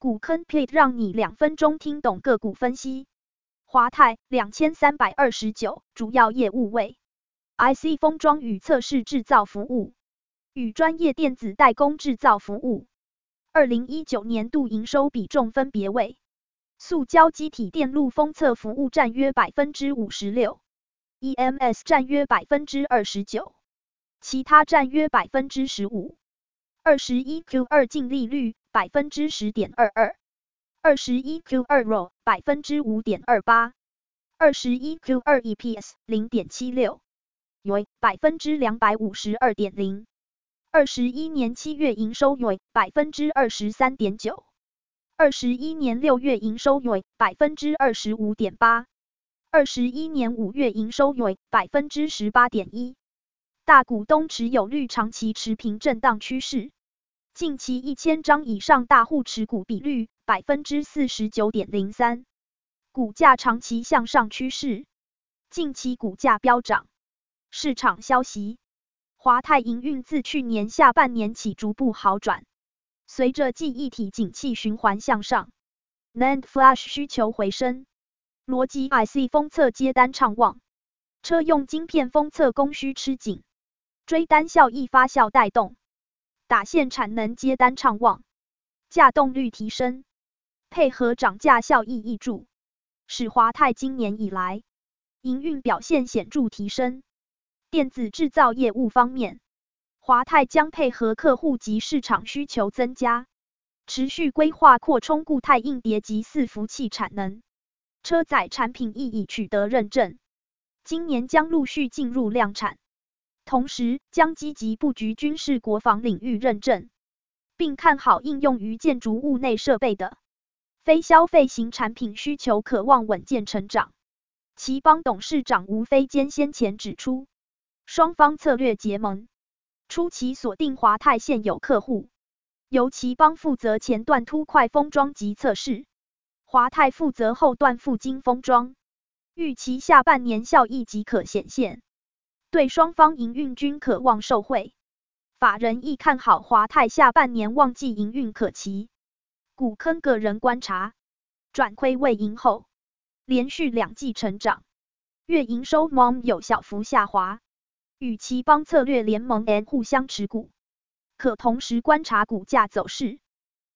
股坑 plate 讓你兩分鐘聽懂個股分析。華泰兩千三百二十九主要業務為 IC 封裝與測試制造服務與專業電子代工制造服務。二零一九年度營收比重分別為塑膠基體電路封測服務占約百分之五十六，EMS 占約百分之二十九，其他占約百分之十五。二十一 Q 二淨利率。百分之十點二二，二十一 Q 二 ROE 百分之五點二八，二十一 Q 二 EPS 零點七六，YoY 百分之兩百五十二點零，二十一年七月營收 YoY 百分之二十三點九，二十一年六月營收 YoY 百分之二十五點八，二十一年五月營收 YoY 百分之十八點一，大股東持有率長期持平震盪趨勢。近期一千張以上大戶持股比率百分之四十九點零三，股價長期向上趨勢，近期股價飆漲。市場消息，華泰營運自去年下半年起逐步好轉，隨着記憶體景氣循環向上，NAND Flash 需求回升，邏輯 IC 封測接單暢旺，車用晶片封測供需吃緊，追單效益發酵帶動。打線產能接單暢旺，稼動率提升，配合漲價效益挹注，使華泰今年以來營運表現顯著提升。電子製造業務方面，華泰將配合客戶及市場需求增加，持續規劃擴充固態硬碟及伺服器產能。車載產品亦已取得認證，今年將陸續進入量產。同時，將積極佈局軍事國防領域認證，並看好應用於建築物內設備的非消費型產品需求，可望穩健成長。頎邦董事長吳非艱先前指出，雙方策略結盟，初期鎖定華泰現有客戶，由頎邦負責前段凸塊封裝及測試，華泰負責後段覆晶封裝，預期下半年效益即可顯現。對雙方營運均可望受惠，法人亦看好華泰下半年旺季營運可期。股坑個人觀察，轉虧為盈後，連續兩季成長，月營收 MoM 有小幅下滑，與頎邦策略聯盟 n 互相持股，可同時觀察股價走勢。